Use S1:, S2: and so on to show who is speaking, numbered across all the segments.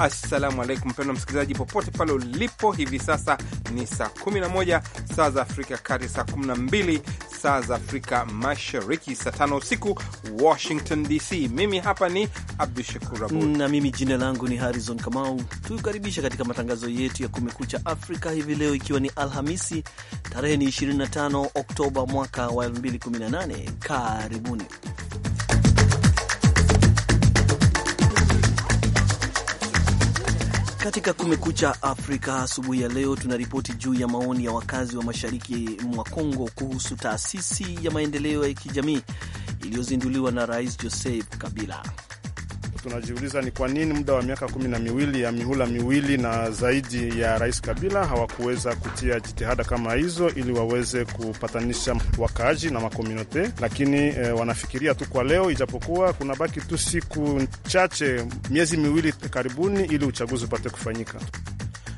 S1: Assalamu alaikum mpendwa msikilizaji, popote pale ulipo hivi sasa. Ni saa 11 saa za Afrika Kati, saa 12 saa za Afrika Mashariki, saa tano usiku Washington DC. Mimi hapa
S2: ni Abdu Shakur Abud na mimi jina langu ni Harrison Kamau. Tukukaribisha katika matangazo yetu ya Kumekucha Afrika hivi leo, ikiwa ni Alhamisi tarehe ni 25 Oktoba mwaka wa 2018. Karibuni. Katika Kumekucha Afrika asubuhi ya leo, tuna ripoti juu ya maoni ya wakazi wa mashariki mwa Kongo kuhusu taasisi ya maendeleo ya kijamii iliyozinduliwa na Rais Joseph Kabila tunajiuliza ni kwa nini muda wa miaka kumi na miwili ya mihula miwili na zaidi
S3: ya Rais Kabila hawakuweza kutia jitihada kama hizo ili waweze kupatanisha wakaaji na makomunote, lakini e, wanafikiria tu kwa leo, ijapokuwa kuna baki tu siku chache, miezi miwili karibuni, ili uchaguzi upate kufanyika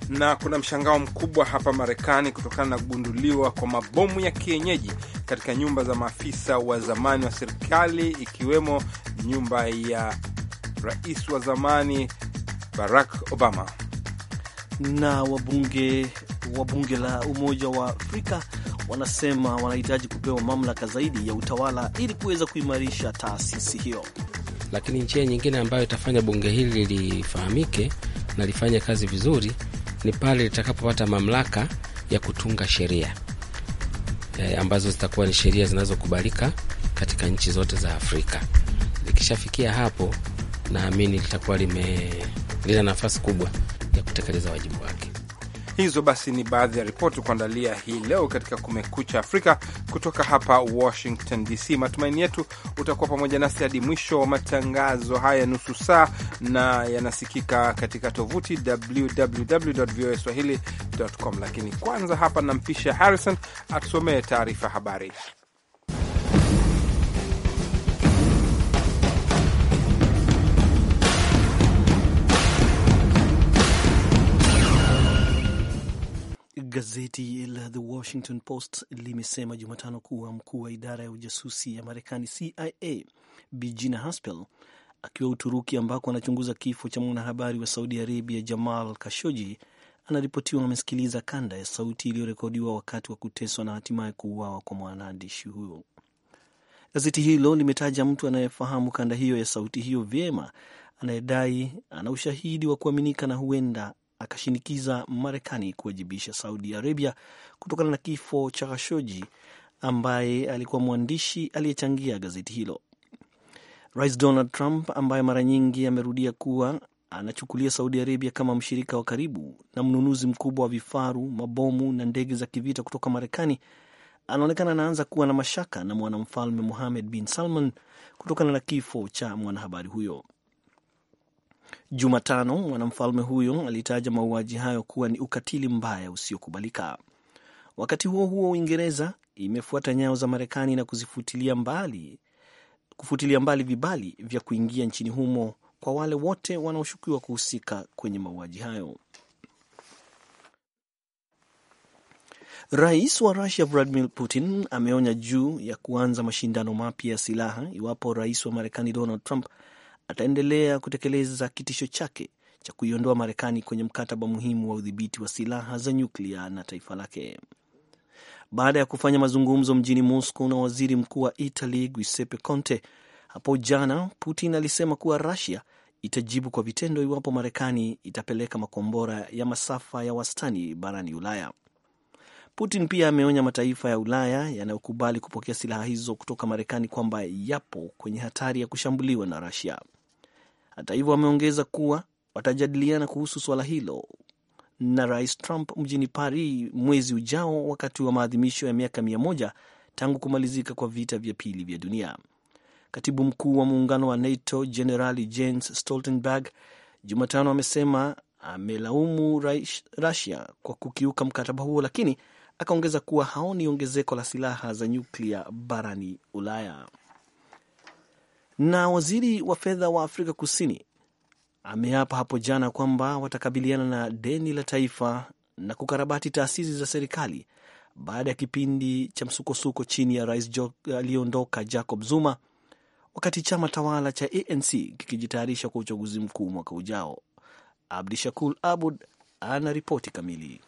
S1: na kuna mshangao mkubwa hapa Marekani kutokana na kugunduliwa kwa mabomu ya kienyeji katika nyumba za maafisa wa zamani wa serikali ikiwemo nyumba ya rais wa zamani Barack Obama na
S2: wabunge wa bunge la Umoja wa Afrika wanasema wanahitaji kupewa mamlaka zaidi ya utawala ili kuweza kuimarisha taasisi hiyo.
S4: Lakini njia nyingine ambayo itafanya bunge hili lifahamike na lifanye kazi vizuri ni pale litakapopata mamlaka ya kutunga sheria e, ambazo zitakuwa ni sheria zinazokubalika katika nchi zote za Afrika. Likishafikia hapo, naamini litakuwa lime lina nafasi kubwa ya kutekeleza wajibu wake.
S1: Hizo basi ni baadhi ya ripoti kuandalia hii leo katika Kumekucha Afrika kutoka hapa Washington DC. Matumaini yetu utakuwa pamoja nasi hadi mwisho wa matangazo haya nusu saa, na yanasikika katika tovuti www voa swahili com. Lakini kwanza hapa nampisha Harrison atusomee taarifa habari.
S2: Gazeti la The Washington Post limesema Jumatano kuwa mkuu wa idara ya ujasusi ya Marekani CIA Bijina Haspel akiwa Uturuki ambako anachunguza kifo cha mwanahabari wa Saudi Arabia Jamal kashoji anaripotiwa amesikiliza kanda ya sauti iliyorekodiwa wakati wa kuteswa na hatimaye kuuawa kwa mwanaandishi huyo. Gazeti hilo limetaja mtu anayefahamu kanda hiyo ya sauti hiyo vyema, anayedai ana ushahidi wa kuaminika na huenda akashinikiza Marekani kuwajibisha Saudi Arabia kutokana na kifo cha Khashoggi ambaye alikuwa mwandishi aliyechangia gazeti hilo. Rais Donald Trump ambaye mara nyingi amerudia kuwa anachukulia Saudi Arabia kama mshirika wa karibu na mnunuzi mkubwa wa vifaru, mabomu na ndege za kivita kutoka Marekani, anaonekana anaanza kuwa na mashaka na mwanamfalme Mohammed bin Salman kutokana na kifo cha mwanahabari huyo. Jumatano mwanamfalme huyo alitaja mauaji hayo kuwa ni ukatili mbaya usiokubalika. Wakati huo huo, Uingereza imefuata nyayo za Marekani na kuzifutilia mbali, kufutilia mbali vibali vya kuingia nchini humo kwa wale wote wanaoshukiwa kuhusika kwenye mauaji hayo. Rais wa Rusia Vladimir Putin ameonya juu ya kuanza mashindano mapya ya silaha iwapo rais wa Marekani Donald Trump ataendelea kutekeleza kitisho chake cha kuiondoa Marekani kwenye mkataba muhimu wa udhibiti wa silaha za nyuklia na taifa lake. Baada ya kufanya mazungumzo mjini Moscow na waziri mkuu wa Italy Giuseppe Conte hapo jana, Putin alisema kuwa rasia itajibu kwa vitendo iwapo Marekani itapeleka makombora ya masafa ya wastani barani Ulaya. Putin pia ameonya mataifa ya Ulaya yanayokubali kupokea silaha hizo kutoka Marekani kwamba yapo kwenye hatari ya kushambuliwa na rasia hata hivyo, wameongeza kuwa watajadiliana kuhusu suala hilo na Rais Trump mjini Paris mwezi ujao wakati wa maadhimisho ya miaka mia moja tangu kumalizika kwa vita vya pili vya dunia. Katibu mkuu wa muungano wa NATO Jenerali Jens Stoltenberg Jumatano amesema amelaumu Rusia kwa kukiuka mkataba huo, lakini akaongeza kuwa haoni ongezeko la silaha za nyuklia barani Ulaya. Na waziri wa fedha wa Afrika Kusini ameapa hapo jana kwamba watakabiliana na deni la taifa na kukarabati taasisi za serikali baada ya kipindi cha msukosuko chini ya rais aliyeondoka Jacob Zuma, wakati chama tawala cha ANC kikijitayarisha kwa uchaguzi mkuu mwaka ujao. abdishakur Abud ana ripoti kamili.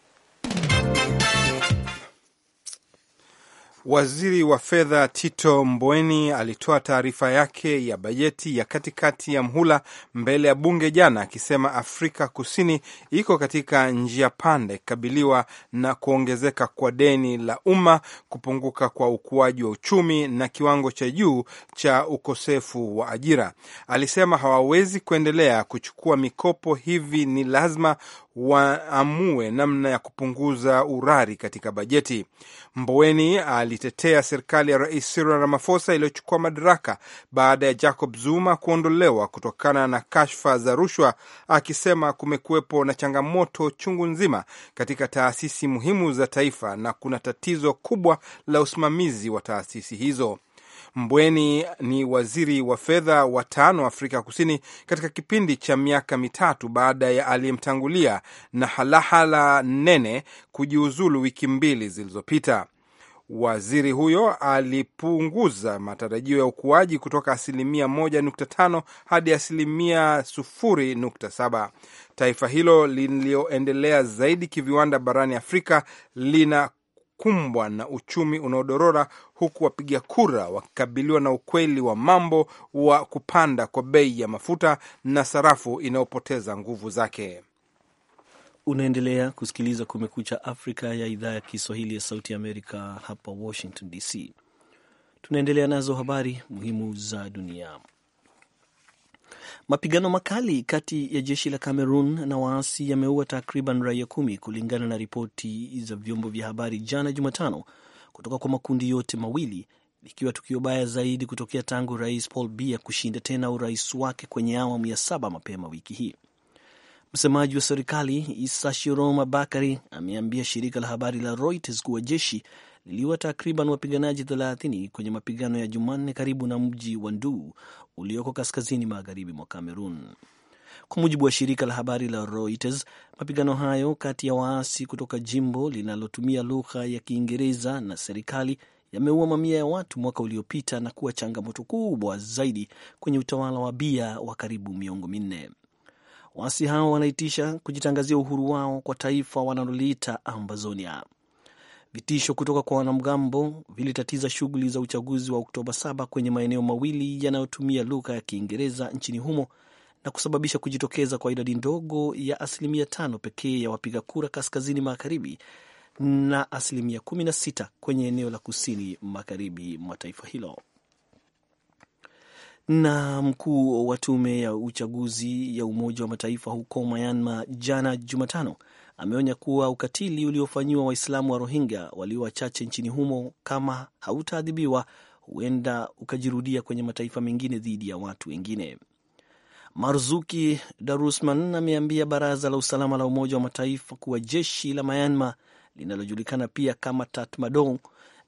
S2: Waziri
S1: wa fedha Tito Mboweni alitoa taarifa yake ya bajeti ya katikati ya mhula mbele ya bunge jana, akisema Afrika Kusini iko katika njia panda ikikabiliwa na kuongezeka kwa deni la umma, kupunguka kwa ukuaji wa uchumi na kiwango cha juu cha ukosefu wa ajira. Alisema hawawezi kuendelea kuchukua mikopo, hivi ni lazima waamue namna ya kupunguza urari katika bajeti. Mboweni alitetea serikali ya Rais Cyril Ramaphosa iliyochukua madaraka baada ya Jacob Zuma kuondolewa kutokana na kashfa za rushwa, akisema kumekuwepo na changamoto chungu nzima katika taasisi muhimu za taifa na kuna tatizo kubwa la usimamizi wa taasisi hizo. Mbweni ni waziri wa fedha wa tano wa Afrika Kusini katika kipindi cha miaka mitatu baada ya aliyemtangulia na Halahala Nene kujiuzulu wiki mbili zilizopita. Waziri huyo alipunguza matarajio ya ukuaji kutoka asilimia 1.5 hadi asilimia 0.7. Taifa hilo lililoendelea zaidi kiviwanda barani Afrika lina kumbwa na uchumi unaodorora huku wapiga kura wakikabiliwa na ukweli wa mambo wa kupanda kwa bei ya mafuta na sarafu inayopoteza nguvu zake.
S2: Unaendelea kusikiliza Kumekucha Afrika ya idhaa ya Kiswahili ya Sauti ya Amerika, hapa Washington DC. Tunaendelea nazo habari muhimu za dunia. Mapigano makali kati ya jeshi la Cameroon na waasi yameua takriban raia kumi kulingana na ripoti za vyombo vya habari jana Jumatano kutoka kwa makundi yote mawili, likiwa tukio baya zaidi kutokea tangu Rais Paul Biya kushinda tena urais wake kwenye awamu ya saba mapema wiki hii. Msemaji wa serikali Isa Shiroma Bakari ameambia shirika la habari la Reuters kuwa jeshi liliua takriban wapiganaji 30 kwenye mapigano ya Jumanne karibu na mji wa Nduu ulioko kaskazini magharibi mwa Cameroon. Kwa mujibu wa shirika la habari la Reuters, mapigano hayo kati ya waasi kutoka jimbo linalotumia lugha ya Kiingereza na serikali yameua mamia ya watu mwaka uliopita na kuwa changamoto kubwa zaidi kwenye utawala wa bia wa karibu miongo minne. Waasi hao wanaitisha kujitangazia uhuru wao kwa taifa wanaloliita Ambazonia. Vitisho kutoka kwa wanamgambo vilitatiza shughuli za uchaguzi wa Oktoba 7 kwenye maeneo mawili yanayotumia lugha ya Kiingereza nchini humo na kusababisha kujitokeza kwa idadi ndogo ya asilimia tano pekee ya wapiga kura kaskazini magharibi na asilimia 16 kwenye eneo la kusini magharibi mwa taifa hilo. Na mkuu wa tume ya uchaguzi ya Umoja wa Mataifa huko Myanmar jana Jumatano ameonya kuwa ukatili uliofanyiwa Waislamu wa Rohingya walio wachache nchini humo kama hautaadhibiwa huenda ukajirudia kwenye mataifa mengine dhidi ya watu wengine. Marzuki Darusman ameambia Baraza la Usalama la Umoja wa Mataifa kuwa jeshi la Myanmar linalojulikana pia kama Tatmadaw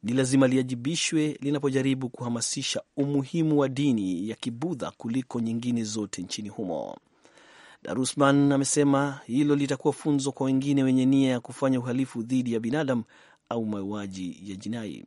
S2: ni lazima liajibishwe linapojaribu kuhamasisha umuhimu wa dini ya Kibudha kuliko nyingine zote nchini humo. Darusman amesema hilo litakuwa funzo kwa wengine wenye nia ya kufanya uhalifu dhidi ya binadamu au mauaji ya jinai.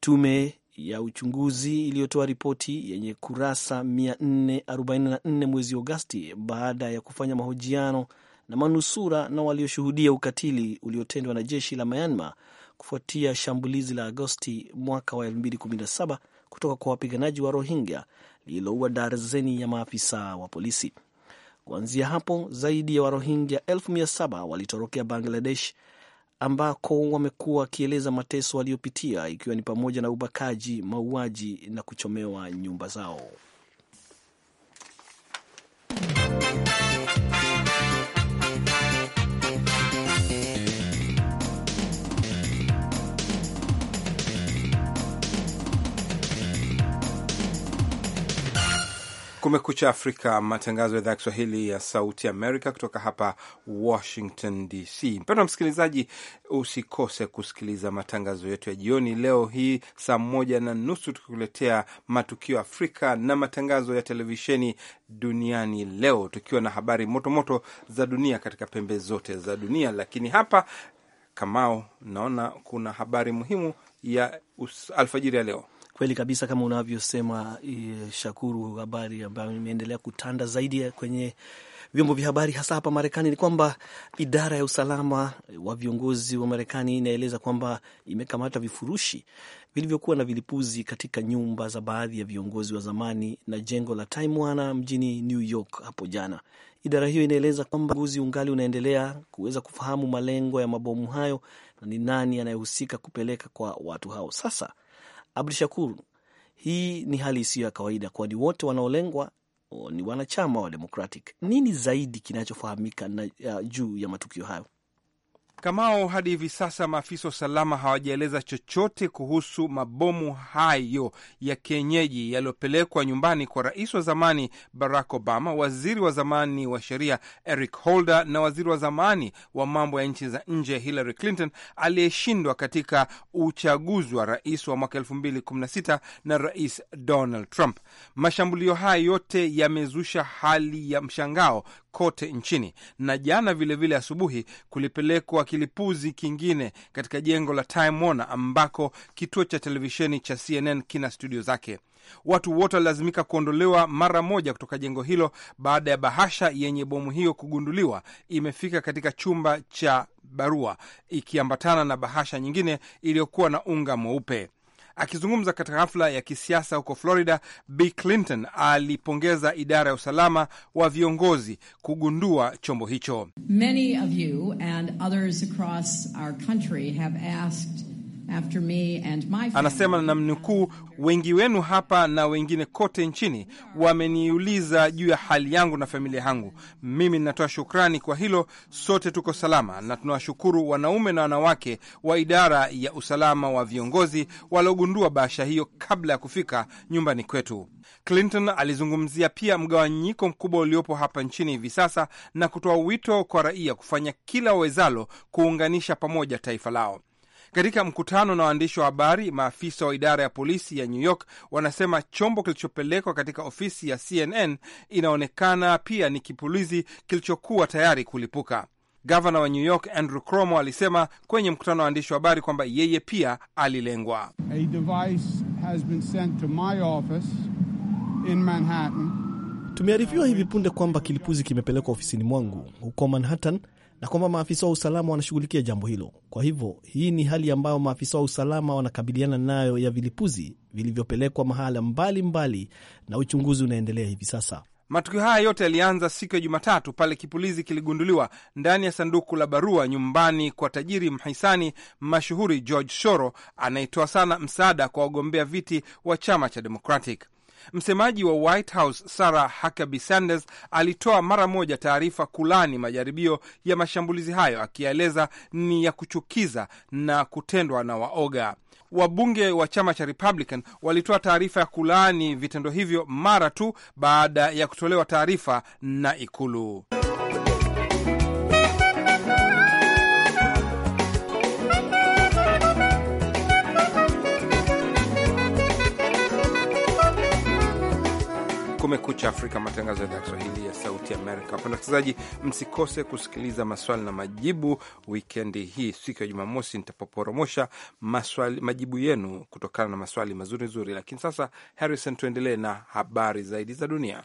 S2: Tume ya uchunguzi iliyotoa ripoti yenye kurasa 444 mwezi Agosti baada ya kufanya mahojiano na manusura na walioshuhudia ukatili uliotendwa na jeshi la Myanmar kufuatia shambulizi la Agosti mwaka wa 2017 kutoka kwa wapiganaji wa Rohingya lililoua darzeni ya maafisa wa polisi. Kuanzia hapo zaidi ya Warohingya elfu mia saba walitorokea Bangladesh ambako wamekuwa wakieleza mateso waliyopitia ikiwa ni pamoja na ubakaji, mauaji na kuchomewa nyumba zao.
S1: Kumekucha Afrika, matangazo ya idhaa ya Kiswahili ya Sauti Amerika kutoka hapa Washington DC. Mpendwa msikilizaji, usikose kusikiliza matangazo yetu ya jioni leo hii saa moja na nusu, tukikuletea matukio Afrika na matangazo ya televisheni duniani leo, tukiwa na habari motomoto za dunia katika pembe zote za dunia. Lakini
S2: hapa Kamao, naona kuna habari muhimu
S1: ya alfajiri
S2: ya leo. Kweli kabisa kama unavyosema eh, Shakuru, habari ambayo imeendelea kutanda zaidi kwenye vyombo vya habari hasa hapa Marekani ni kwamba idara ya usalama wa viongozi wa Marekani inaeleza kwamba imekamata vifurushi vilivyokuwa na vilipuzi katika nyumba za baadhi ya viongozi wa zamani na jengo la Time Warner mjini New York hapo jana. Idara hiyo inaeleza kwamba uchunguzi ungali unaendelea kuweza kufahamu malengo ya mabomu hayo na ni nani anayehusika kupeleka kwa watu hao. Sasa abdu Shakur, hii ni hali isiyo ya kawaida, kwani wote wanaolengwa oh, ni wanachama wa Democratic. Nini zaidi kinachofahamika na juu ya matukio hayo?
S1: Kamao, hadi hivi sasa maafisa wa usalama hawajaeleza chochote kuhusu mabomu hayo ya kienyeji yaliyopelekwa nyumbani kwa rais wa zamani Barack Obama, waziri wa zamani wa sheria Eric Holder na waziri wa zamani wa mambo ya nchi za nje Hillary Clinton, aliyeshindwa katika uchaguzi wa rais wa mwaka 2016 na rais Donald Trump. Mashambulio haya yote yamezusha hali ya mshangao kote nchini. Na jana vilevile asubuhi kulipelekwa kilipuzi kingine katika jengo la Time Warner ambako kituo cha televisheni cha CNN kina studio zake. Watu wote walilazimika kuondolewa mara moja kutoka jengo hilo baada ya bahasha yenye bomu hiyo kugunduliwa imefika katika chumba cha barua ikiambatana na bahasha nyingine iliyokuwa na unga mweupe. Akizungumza katika hafla ya kisiasa huko Florida, Bi Clinton alipongeza idara ya usalama wa viongozi kugundua chombo hicho.
S5: Many of you and others across our country have asked After me and my anasema,
S1: wengi wenu hapa na wengine kote nchini wameniuliza juu ya hali yangu na familia yangu. Mimi ninatoa shukrani kwa hilo. Sote tuko salama, na tunawashukuru wanaume na wanawake wa idara ya usalama wa viongozi waliogundua bahasha hiyo kabla ya kufika nyumbani kwetu. Clinton alizungumzia pia mgawanyiko mkubwa uliopo hapa nchini hivi sasa na kutoa wito kwa raia kufanya kila wawezalo kuunganisha pamoja taifa lao. Katika mkutano na waandishi wa habari, maafisa wa idara ya polisi ya New York wanasema chombo kilichopelekwa katika ofisi ya CNN inaonekana pia ni kipulizi kilichokuwa tayari kulipuka. Gavana wa New York Andrew Cuomo alisema kwenye mkutano wa waandishi wa habari kwamba yeye pia alilengwa.
S2: Tumearifiwa hivi punde kwamba kilipuzi kimepelekwa ofisini mwangu huko Manhattan na kwamba maafisa wa usalama wanashughulikia jambo hilo. Kwa hivyo hii ni hali ambayo maafisa wa usalama wanakabiliana nayo ya vilipuzi vilivyopelekwa mahala mbalimbali, na uchunguzi unaendelea hivi sasa.
S1: Matukio haya yote yalianza siku ya Jumatatu pale kipulizi kiligunduliwa ndani ya sanduku la barua nyumbani kwa tajiri mhisani mashuhuri George Shoro, anayetoa sana msaada kwa wagombea viti wa chama cha Democratic. Msemaji wa White House Sarah Huckabee Sanders alitoa mara moja taarifa kulani majaribio ya mashambulizi hayo, akieleza ni ya kuchukiza na kutendwa na waoga. Wabunge wa chama cha Republican walitoa taarifa ya kulaani vitendo hivyo mara tu baada ya kutolewa taarifa na Ikulu. Kumekucha Afrika, matangazo ya idhaa Kiswahili ya Sauti Amerika. Wapenda wasikilizaji, msikose kusikiliza maswali na majibu wikendi hii, siku ya Jumamosi nitapoporomosha maswali, majibu yenu kutokana na maswali mazuri Lakini sasa, Harrison, tuendelee na habari zaidi za dunia.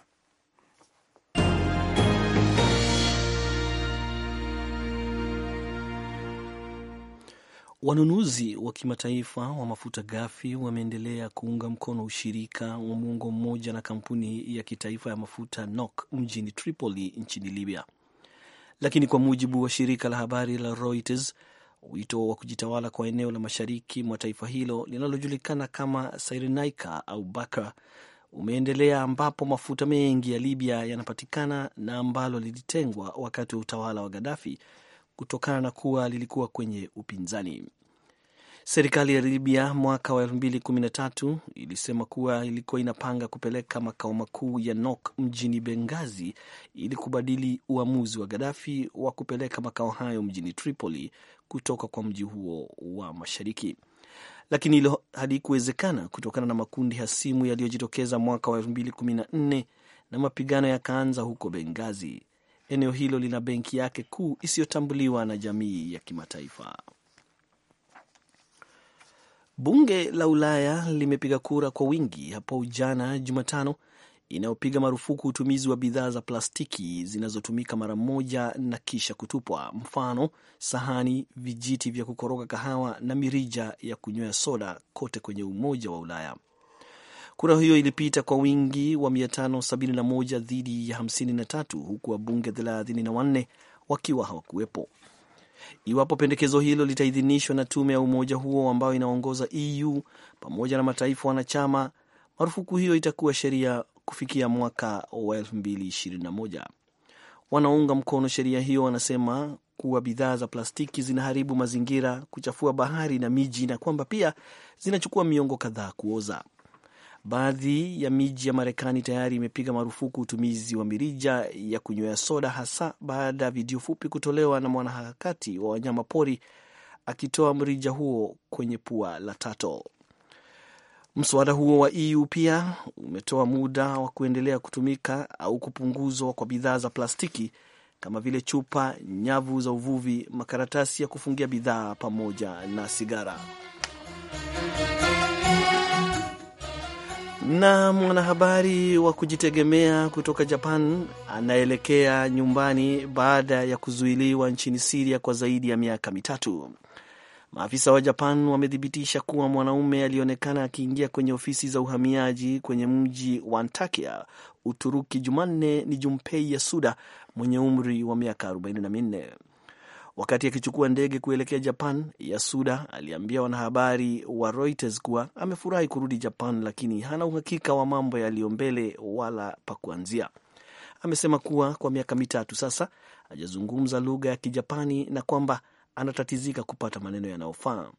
S2: Wanunuzi wa kimataifa wa mafuta ghafi wameendelea kuunga mkono ushirika wa muongo mmoja na kampuni ya kitaifa ya mafuta NOC mjini Tripoli nchini Libya, lakini kwa mujibu wa shirika la habari la Reuters, wito wa kujitawala kwa eneo la mashariki mwa taifa hilo linalojulikana kama Cyrenaica au Baka umeendelea ambapo mafuta mengi ya Libya yanapatikana na ambalo lilitengwa wakati wa utawala wa Gaddafi kutokana na kuwa lilikuwa kwenye upinzani. Serikali ya Libya mwaka wa 2013 ilisema kuwa ilikuwa inapanga kupeleka makao makuu ya NOK mjini Bengazi ili kubadili uamuzi wa Gaddafi wa kupeleka makao hayo mjini Tripoli kutoka kwa mji huo wa mashariki, lakini hilo halikuwezekana kutokana na makundi hasimu yaliyojitokeza mwaka wa 2014 na mapigano yakaanza huko Bengazi. Eneo hilo lina benki yake kuu isiyotambuliwa na jamii ya kimataifa. Bunge la Ulaya limepiga kura kwa wingi hapo jana Jumatano inayopiga marufuku utumizi wa bidhaa za plastiki zinazotumika mara moja na kisha kutupwa, mfano sahani, vijiti vya kukoroga kahawa na mirija ya kunywea soda, kote kwenye Umoja wa Ulaya. Kura hiyo ilipita kwa wingi wa 571 dhidi ya 53 huku wabunge 34 wakiwa hawakuwepo. Iwapo pendekezo hilo litaidhinishwa na tume ya umoja huo ambayo inaongoza EU pamoja na mataifa wanachama, marufuku hiyo itakuwa sheria kufikia mwaka wa 2021. Wanaounga mkono sheria hiyo wanasema kuwa bidhaa za plastiki zinaharibu mazingira, kuchafua bahari na miji, na kwamba pia zinachukua miongo kadhaa kuoza. Baadhi ya miji ya Marekani tayari imepiga marufuku utumizi wa mirija ya kunywea soda, hasa baada ya video fupi kutolewa na mwanaharakati wa wanyama pori akitoa mrija huo kwenye pua la Tato. Mswada huo wa EU pia umetoa muda wa kuendelea kutumika au kupunguzwa kwa bidhaa za plastiki kama vile chupa, nyavu za uvuvi, makaratasi ya kufungia bidhaa pamoja na sigara. Na mwanahabari wa kujitegemea kutoka Japan anaelekea nyumbani baada ya kuzuiliwa nchini Siria kwa zaidi ya miaka mitatu. Maafisa wa Japan wamethibitisha kuwa mwanaume alionekana akiingia kwenye ofisi za uhamiaji kwenye mji wa Antakya, Uturuki, Jumanne ni Jumpei Yasuda mwenye umri wa miaka minne Wakati akichukua ndege kuelekea Japan, Yasuda aliambia wanahabari wa Reuters kuwa amefurahi kurudi Japan, lakini hana uhakika wa mambo yaliyo mbele wala pa kuanzia. Amesema kuwa kwa miaka mitatu sasa hajazungumza lugha ya Kijapani na kwamba anatatizika kupata maneno yanayofaa.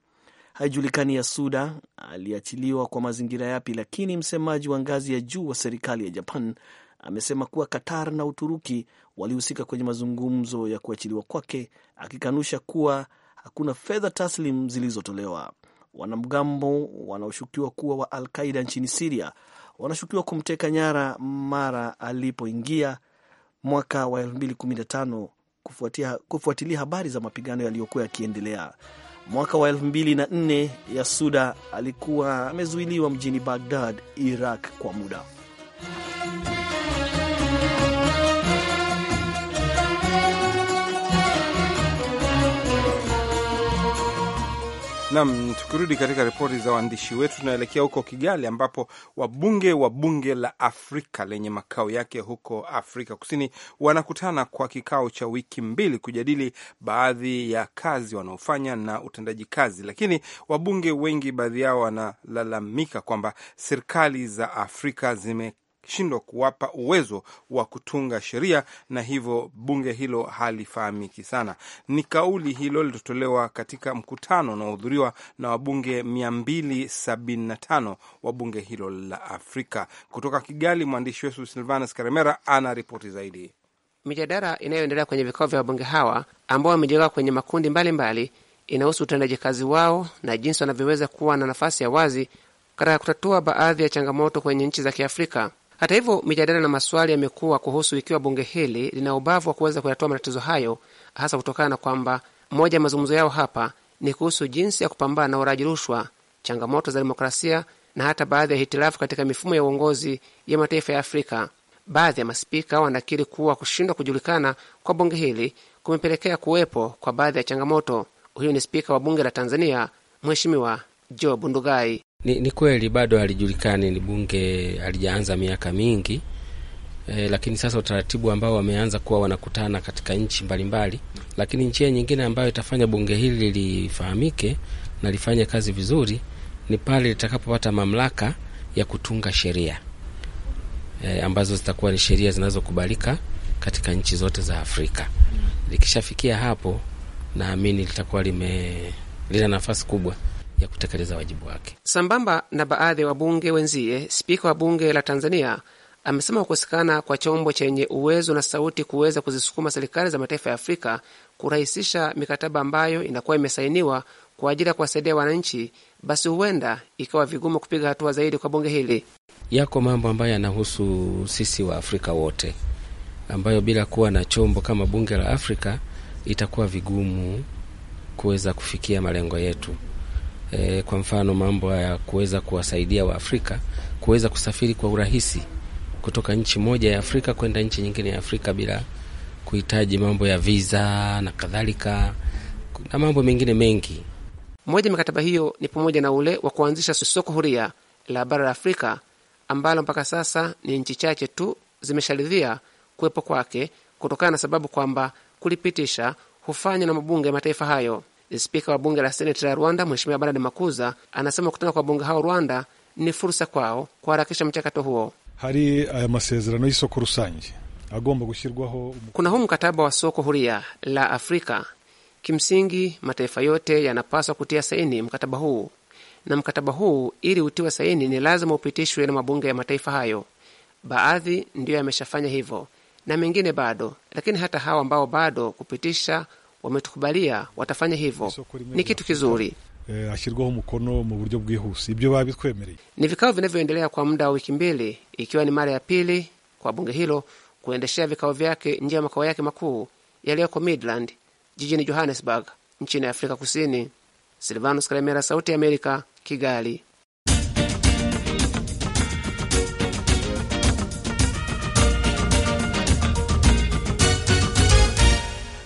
S2: Haijulikani Yasuda aliachiliwa kwa mazingira yapi, lakini msemaji wa ngazi ya juu wa serikali ya Japan amesema kuwa Qatar na Uturuki walihusika kwenye mazungumzo ya kuachiliwa kwake, akikanusha kuwa hakuna fedha taslim zilizotolewa. Wanamgambo wanaoshukiwa kuwa wa Al Qaida nchini Siria wanashukiwa kumteka nyara mara alipoingia mwaka wa 2015 kufuatilia habari za mapigano yaliyokuwa yakiendelea mwaka wa 2004 ya Suda alikuwa amezuiliwa mjini Baghdad, Iraq kwa muda.
S1: Nam, tukirudi katika ripoti za waandishi wetu, tunaelekea huko Kigali ambapo wabunge wa bunge la Afrika lenye makao yake huko Afrika Kusini wanakutana kwa kikao cha wiki mbili kujadili baadhi ya kazi wanaofanya na utendaji kazi, lakini wabunge wengi, baadhi yao wanalalamika kwamba serikali za Afrika zime shindwa kuwapa uwezo wa kutunga sheria na hivyo bunge hilo halifahamiki sana. Ni kauli hilo lilitotolewa katika mkutano unaohudhuriwa na wabunge 275 wa bunge hilo la Afrika. Kutoka Kigali, mwandishi wetu Silvanus Karemera ana ripoti zaidi.
S6: Mijadala inayoendelea kwenye vikao vya wabunge hawa ambao wamejiweka kwenye makundi mbalimbali inahusu utendaji kazi wao na jinsi wanavyoweza kuwa na nafasi ya wazi katika kutatua baadhi ya changamoto kwenye nchi za Kiafrika. Hata hivyo, mijadala na maswali yamekuwa kuhusu ikiwa bunge hili lina ubavu wa kuweza kuyatoa matatizo hayo, hasa kutokana na kwamba moja ya mazungumzo yao hapa ni kuhusu jinsi ya kupambana na uraji rushwa, changamoto za demokrasia na hata baadhi ya hitilafu katika mifumo ya uongozi ya mataifa ya Afrika. Baadhi ya maspika wanakiri kuwa kushindwa kujulikana kwa bunge hili kumepelekea kuwepo kwa baadhi ya changamoto. Huyu ni spika wa bunge la Tanzania, Mheshimiwa Job Ndugai.
S4: Ni, ni kweli bado halijulikani, ni bunge halijaanza miaka mingi e, lakini sasa utaratibu ambao wameanza kuwa wanakutana katika nchi mbalimbali, lakini njia nyingine ambayo itafanya bunge hili lifahamike na lifanye kazi vizuri ni pale litakapopata mamlaka ya kutunga sheria e, ambazo zitakuwa ni sheria zinazokubalika katika nchi zote za Afrika. Likishafikia hapo, naamini litakuwa lime lina nafasi kubwa ya kutekeleza wajibu wake.
S6: Sambamba na baadhi ya wabunge wenzie, spika wa bunge la Tanzania amesema kukosekana kwa chombo chenye uwezo na sauti kuweza kuzisukuma serikali za mataifa ya Afrika kurahisisha mikataba ambayo inakuwa imesainiwa kwa ajili ya kuwasaidia wananchi, basi huenda ikawa vigumu kupiga hatua zaidi kwa bunge hili.
S4: Yako mambo ambayo yanahusu sisi wa Afrika wote ambayo bila kuwa na chombo kama bunge la Afrika itakuwa vigumu kuweza kufikia malengo yetu e, kwa mfano mambo ya kuweza kuwasaidia Waafrika kuweza kusafiri kwa urahisi kutoka nchi moja ya Afrika kwenda nchi nyingine ya Afrika bila kuhitaji mambo ya viza na kadhalika na mambo mengine mengi.
S6: Moja ya mikataba hiyo ni pamoja na ule wa kuanzisha soko huria la bara la Afrika ambalo mpaka sasa ni nchi chache tu zimesharidhia kuwepo kwake kutokana na sababu kwamba kulipitisha hufanywa na mabunge ya mataifa hayo. Spika wa bunge la seneti la Rwanda Mheshimiwa Bernard Makuza anasema kukutana kwa bunge hao Rwanda ni fursa kwao kuharakisha mchakato huo.
S3: hari aya eh, masezerano y'isoko rusange agomba gushyirwaho.
S6: Kuna huu mkataba wa soko huria la Afrika. Kimsingi, mataifa yote yanapaswa kutia saini mkataba huu, na mkataba huu ili utiwe saini ni lazima upitishwe na mabunge ya mataifa hayo. Baadhi ndiyo yameshafanya hivyo na mengine bado, lakini hata hawa ambao bado kupitisha wametukubalia watafanya hivyo, ni kitu kizuri.
S3: Eh, ashirwaho umukono mu buryo bwihuse ibyo babitwemereye.
S6: Ni vikao vinavyoendelea kwa muda wa wiki mbili, ikiwa ni mara ya pili kwa bunge hilo kuendeshea vikao vyake nje ya makao yake makuu yaliyoko Midland jijini Johannesburg nchini Afrika Kusini. Silvanus Kalemera, Sauti ya Amerika, Kigali.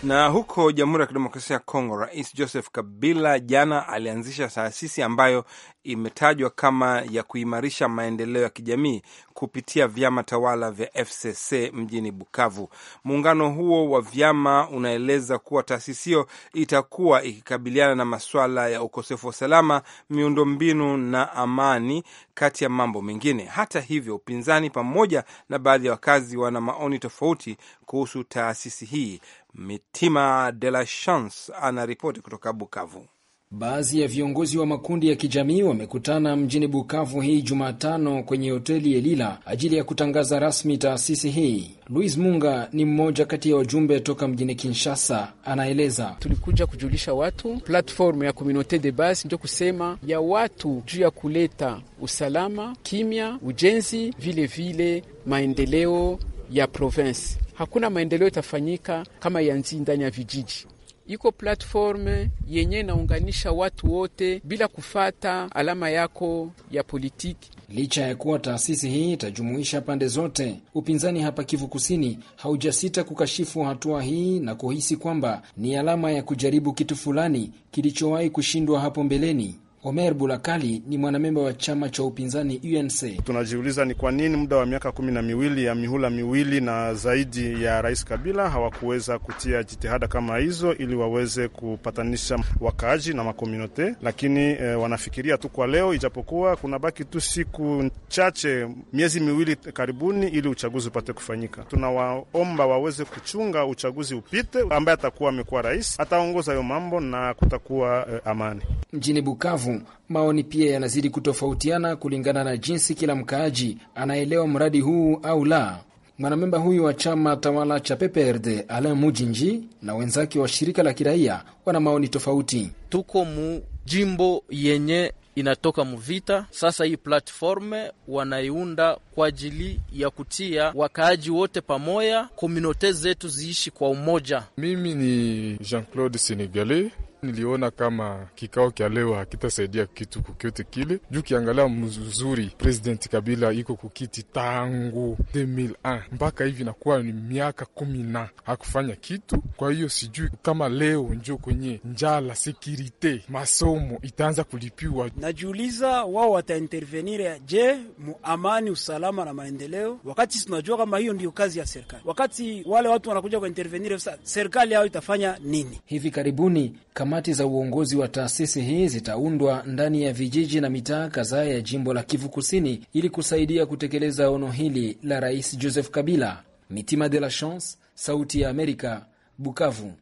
S1: Na huko Jamhuri ya Kidemokrasia ya Kongo, Rais Joseph Kabila jana alianzisha taasisi ambayo imetajwa kama ya kuimarisha maendeleo ya kijamii kupitia vyama tawala vya FCC mjini Bukavu. Muungano huo wa vyama unaeleza kuwa taasisi hiyo itakuwa ikikabiliana na masuala ya ukosefu wa usalama, miundombinu na amani, kati ya mambo mengine. Hata hivyo, upinzani pamoja na baadhi ya wakazi wana maoni tofauti kuhusu taasisi hii. Mitima de la Chance anaripoti kutoka Bukavu.
S3: Baadhi ya viongozi wa makundi ya kijamii wamekutana mjini Bukavu hii Jumatano kwenye hoteli Elila ajili ya kutangaza rasmi taasisi hii. Louis Munga ni mmoja kati ya wajumbe toka mjini Kinshasa, anaeleza. Tulikuja kujulisha watu platform ya Communaute de Base, ndio kusema ya watu juu ya kuleta usalama, kimya, ujenzi, vilevile vile maendeleo ya province. Hakuna maendeleo itafanyika kama yanzii ndani ya vijiji iko platforme yenye inaunganisha watu wote bila kufata alama yako ya politiki. Licha ya kuwa taasisi hii itajumuisha pande zote, upinzani hapa Kivu Kusini haujasita kukashifu hatua hii na kuhisi kwamba ni alama ya kujaribu kitu fulani kilichowahi kushindwa hapo mbeleni. Omer Bulakali ni mwanamemba wa chama cha upinzani UNC. Tunajiuliza ni kwa nini muda wa miaka kumi na miwili ya mihula miwili na zaidi ya Rais Kabila hawakuweza kutia jitihada kama hizo ili waweze kupatanisha wakaaji na makomunote, lakini e, wanafikiria tu kwa leo, ijapokuwa kuna baki tu siku chache, miezi miwili karibuni, ili uchaguzi upate kufanyika. Tunawaomba waweze kuchunga uchaguzi upite, ambaye atakuwa amekuwa rais ataongoza hayo mambo na kutakuwa e, amani mjini Bukavu. Maoni pia yanazidi kutofautiana kulingana na jinsi kila mkaaji anaelewa mradi huu au la. Mwanamemba huyu wa chama tawala cha PPRD Alain Mujinji na wenzake wa shirika la kiraia wana maoni tofauti. Tuko mu jimbo yenye inatoka mvita. Sasa hii platforme wanaiunda kwa ajili ya kutia wakaaji wote pamoja, komunote zetu ziishi kwa umoja. Mimi ni Jean Claude Senegali, Niliona kama kikao kya leo hakitasaidia kitu kukyote kile, juu kiangalia mzuri, President Kabila iko kukiti tangu 2001 mpaka hivi nakuwa ni miaka kumi na hakufanya kitu. Kwa hiyo sijui kama leo njo kwenye njala, sekirite, masomo itaanza kulipiwa. Najiuliza wao wataintervenir je mu amani, usalama na maendeleo, wakati tunajua kama hiyo ndio kazi ya serikali. Wakati wale watu wanakuja kuintervenir serikali yao itafanya nini? Hivi karibuni kama kamati za uongozi wa taasisi hii zitaundwa ndani ya vijiji na mitaa kadhaa ya jimbo la Kivu Kusini ili kusaidia kutekeleza ono hili la Rais Joseph Kabila. Mitima de la Chance, Sauti ya Amerika, Bukavu.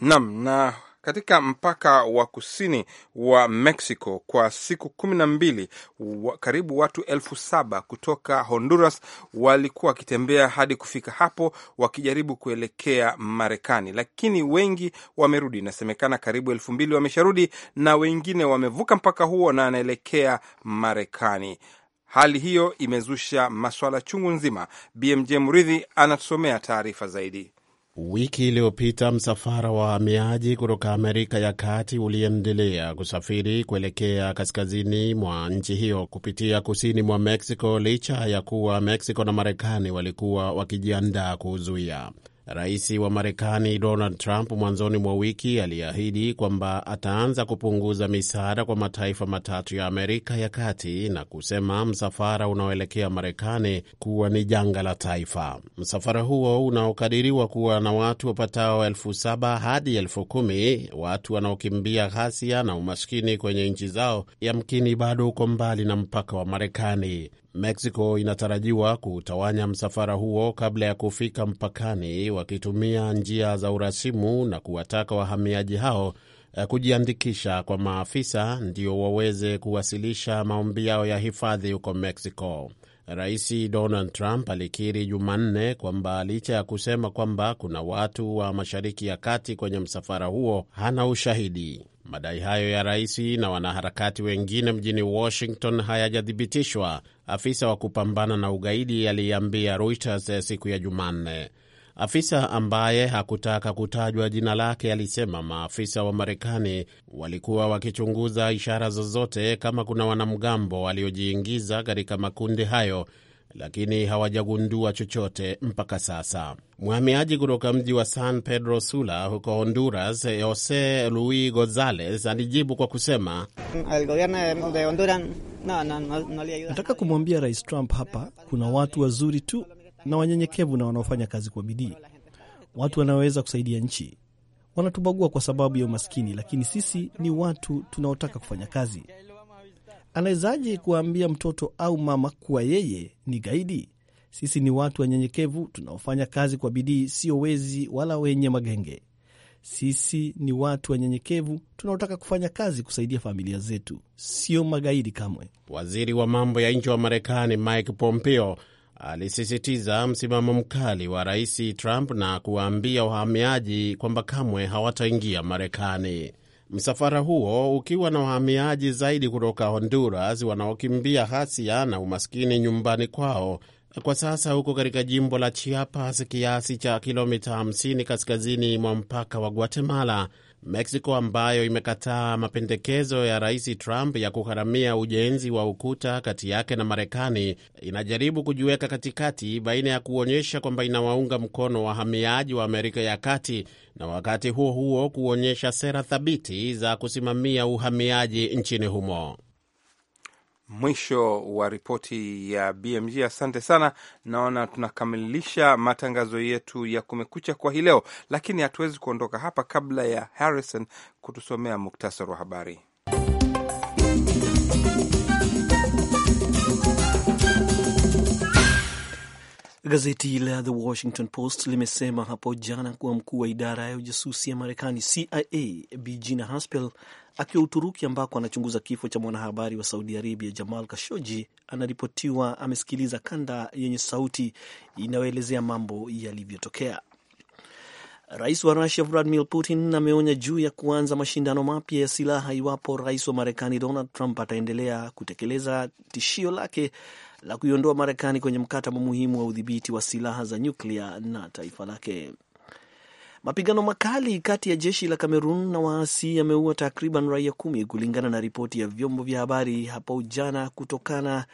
S1: Nam na katika mpaka wa kusini wa Mexico kwa siku kumi na mbili. Karibu watu elfu saba kutoka Honduras walikuwa wakitembea hadi kufika hapo wakijaribu kuelekea Marekani, lakini wengi wamerudi. Inasemekana karibu elfu mbili wamesharudi na wengine wamevuka mpaka huo na anaelekea Marekani. Hali hiyo imezusha maswala chungu nzima. BMJ Muridhi anatusomea taarifa zaidi.
S5: Wiki iliyopita msafara wa wahamiaji kutoka Amerika ya Kati uliendelea kusafiri kuelekea kaskazini mwa nchi hiyo kupitia kusini mwa Mexico licha ya kuwa Mexico na Marekani walikuwa wakijiandaa kuzuia Rais wa Marekani Donald Trump mwanzoni mwa wiki aliahidi kwamba ataanza kupunguza misaada kwa mataifa matatu ya Amerika ya Kati na kusema msafara unaoelekea Marekani kuwa ni janga la taifa. Msafara huo unaokadiriwa kuwa na watu wapatao elfu saba hadi elfu kumi, watu wanaokimbia ghasia na umaskini kwenye nchi zao, yamkini bado uko mbali na mpaka wa Marekani. Mexico inatarajiwa kutawanya msafara huo kabla ya kufika mpakani wakitumia njia za urasimu na kuwataka wahamiaji hao eh, kujiandikisha kwa maafisa ndio waweze kuwasilisha maombi yao ya hifadhi huko Mexico. Rais Donald Trump alikiri Jumanne kwamba licha ya kusema kwamba kuna watu wa Mashariki ya Kati kwenye msafara huo, hana ushahidi. Madai hayo ya rais na wanaharakati wengine mjini Washington hayajathibitishwa, afisa wa kupambana na ugaidi aliyeambia Reuters siku ya Jumanne. Afisa ambaye hakutaka kutajwa jina lake alisema maafisa wa Marekani walikuwa wakichunguza ishara zozote kama kuna wanamgambo waliojiingiza katika makundi hayo lakini hawajagundua chochote mpaka sasa. Mhamiaji kutoka mji wa San Pedro Sula huko Honduras, Jose Luis gonzales alijibu kwa kusema
S2: nataka kumwambia Rais Trump, hapa kuna watu wazuri tu na wanyenyekevu na wanaofanya kazi kwa bidii, watu wanaoweza kusaidia nchi. Wanatubagua kwa sababu ya umaskini, lakini sisi ni watu tunaotaka kufanya kazi. Anawezaje kuwaambia mtoto au mama kuwa yeye ni gaidi? Sisi ni watu wanyenyekevu tunaofanya kazi kwa bidii, sio wezi wala wenye magenge. Sisi ni watu wanyenyekevu tunaotaka kufanya kazi kusaidia familia zetu, sio magaidi kamwe.
S5: Waziri wa mambo ya nje wa Marekani Mike Pompeo alisisitiza msimamo mkali wa Rais Trump na kuwaambia wahamiaji kwamba kamwe hawataingia Marekani msafara huo ukiwa na wahamiaji zaidi kutoka Honduras wanaokimbia hasia na umaskini nyumbani kwao. Kwa sasa huko katika jimbo la Chiapas, kiasi cha kilomita 50 kaskazini mwa mpaka wa Guatemala, Mexico ambayo imekataa mapendekezo ya Rais Trump ya kugharamia ujenzi wa ukuta kati yake na Marekani inajaribu kujiweka katikati baina ya kuonyesha kwamba inawaunga mkono wahamiaji wa Amerika ya Kati na wakati huo huo kuonyesha sera thabiti
S1: za kusimamia uhamiaji nchini humo. Mwisho wa ripoti ya BMG. Asante sana. Naona tunakamilisha matangazo yetu ya Kumekucha kwa hii leo, lakini hatuwezi kuondoka hapa kabla ya Harrison kutusomea muktasari wa habari.
S2: Gazeti la The Washington Post limesema hapo jana kuwa mkuu wa idara ya ujasusi ya Marekani CIA Gina Haspel akiwa Uturuki ambako anachunguza kifo cha mwanahabari wa Saudi Arabia Jamal Kashoji, anaripotiwa amesikiliza kanda yenye sauti inayoelezea mambo yalivyotokea. Rais wa Rusia Vladimir Putin ameonya juu ya kuanza mashindano mapya ya silaha iwapo rais wa Marekani Donald Trump ataendelea kutekeleza tishio lake la kuiondoa Marekani kwenye mkataba muhimu wa udhibiti wa silaha za nyuklia na taifa lake. Mapigano makali kati ya jeshi la Kamerun na waasi yameua takriban raia kumi kulingana na ripoti ya vyombo vya habari hapo jana, kutokana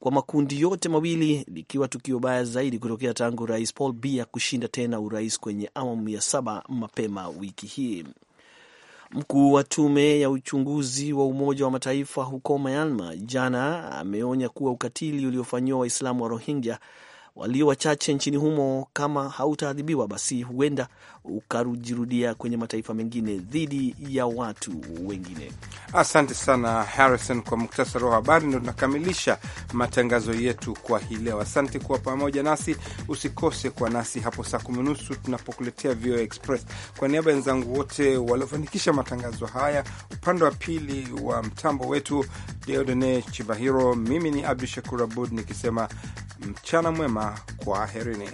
S2: kwa makundi yote mawili, likiwa tukio baya zaidi kutokea tangu Rais Paul Biya kushinda tena urais kwenye awamu ya saba mapema wiki hii. Mkuu wa tume ya uchunguzi wa Umoja wa Mataifa huko Myanmar jana ameonya kuwa ukatili uliofanyiwa Waislamu wa Rohingya walio wachache nchini humo, kama hautaadhibiwa, basi huenda ukajirudia kwenye mataifa mengine dhidi ya watu wengine. Asante sana Harrison kwa muktasari wa habari. Ndo tunakamilisha
S1: matangazo yetu kwa hii leo. Asante kuwa pamoja nasi, usikose kwa nasi hapo saa kumi nusu tunapokuletea VOA Express. Kwa niaba ya wenzangu wote waliofanikisha matangazo haya, upande wa pili wa mtambo wetu Deodone Chibahiro, mimi ni Abdu Shakur Abud nikisema mchana mwema kwa herini.